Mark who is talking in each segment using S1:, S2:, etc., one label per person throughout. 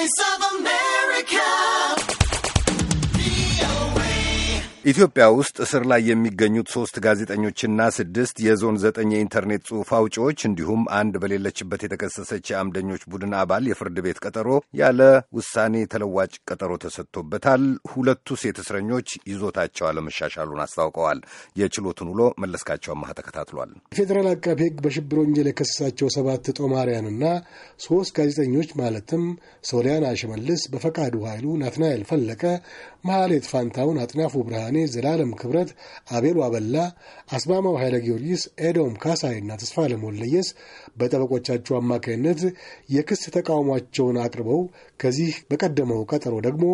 S1: Voice of
S2: ኢትዮጵያ ውስጥ እስር ላይ የሚገኙት ሦስት ጋዜጠኞችና ስድስት የዞን ዘጠኝ የኢንተርኔት ጽሑፍ አውጪዎች እንዲሁም አንድ በሌለችበት የተከሰሰች የአምደኞች ቡድን አባል የፍርድ ቤት ቀጠሮ ያለ ውሳኔ ተለዋጭ ቀጠሮ ተሰጥቶበታል። ሁለቱ ሴት እስረኞች ይዞታቸው አለመሻሻሉን አስታውቀዋል። የችሎቱን ውሎ መለስካቸው አማሃ ተከታትሏል። የፌዴራል
S1: አቃቤ ሕግ በሽብር ወንጀል የከሰሳቸው ሰባት ጦማሪያንና ሦስት ጋዜጠኞች ማለትም ሶሊያና ሽመልስ፣ በፈቃዱ ኃይሉ፣ ናትናኤል ፈለቀ፣ መሐሌት ፋንታውን፣ አጥናፉ ብርሃን ቃኔ፣ ዘላለም ክብረት፣ አቤል ዋበላ፣ አስማማው ኃይለ ጊዮርጊስ፣ ኤዶም ካሳይና ተስፋ ለሞለየስ በጠበቆቻቸው አማካይነት የክስ ተቃውሟቸውን አቅርበው ከዚህ በቀደመው ቀጠሮ ደግሞ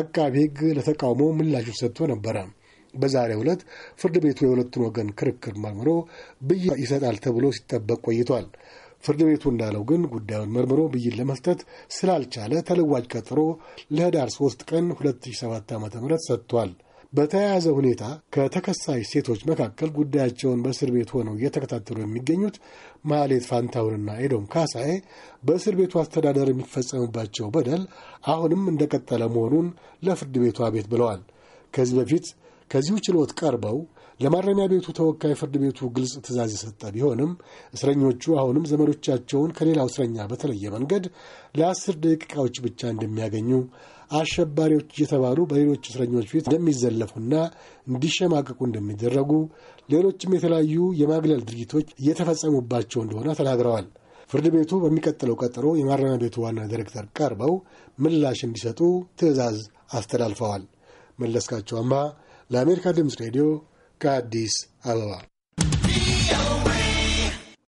S1: አቃቢ ሕግ ለተቃውሞ ምላሾች ሰጥቶ ነበረ። በዛሬ ዕለት ፍርድ ቤቱ የሁለቱን ወገን ክርክር መርምሮ ብይን ይሰጣል ተብሎ ሲጠበቅ ቆይቷል። ፍርድ ቤቱ እንዳለው ግን ጉዳዩን መርምሮ ብይን ለመስጠት ስላልቻለ ተለዋጭ ቀጠሮ ለህዳር 3 ቀን 2007 ም ሰጥቷል። በተያያዘ ሁኔታ ከተከሳሽ ሴቶች መካከል ጉዳያቸውን በእስር ቤት ሆነው እየተከታተሉ የሚገኙት ማሌት ፋንታሁንና ኤዶም ካሳኤ በእስር ቤቱ አስተዳደር የሚፈጸምባቸው በደል አሁንም እንደቀጠለ መሆኑን ለፍርድ ቤቱ አቤት ብለዋል። ከዚህ በፊት ከዚሁ ችሎት ቀርበው ለማረሚያ ቤቱ ተወካይ ፍርድ ቤቱ ግልጽ ትዕዛዝ የሰጠ ቢሆንም እስረኞቹ አሁንም ዘመዶቻቸውን ከሌላው እስረኛ በተለየ መንገድ ለአስር ደቂቃዎች ብቻ እንደሚያገኙ አሸባሪዎች እየተባሉ በሌሎች እስረኞች ፊት እንደሚዘለፉና እንዲሸማቀቁ እንደሚደረጉ፣ ሌሎችም የተለያዩ የማግለል ድርጊቶች እየተፈጸሙባቸው እንደሆነ ተናግረዋል። ፍርድ ቤቱ በሚቀጥለው ቀጠሮ የማረሚያ ቤቱ ዋና ዲሬክተር ቀርበው ምላሽ እንዲሰጡ ትዕዛዝ አስተላልፈዋል። መለስካቸው አምሃ ለአሜሪካ ድምፅ ሬዲዮ ከአዲስ አበባ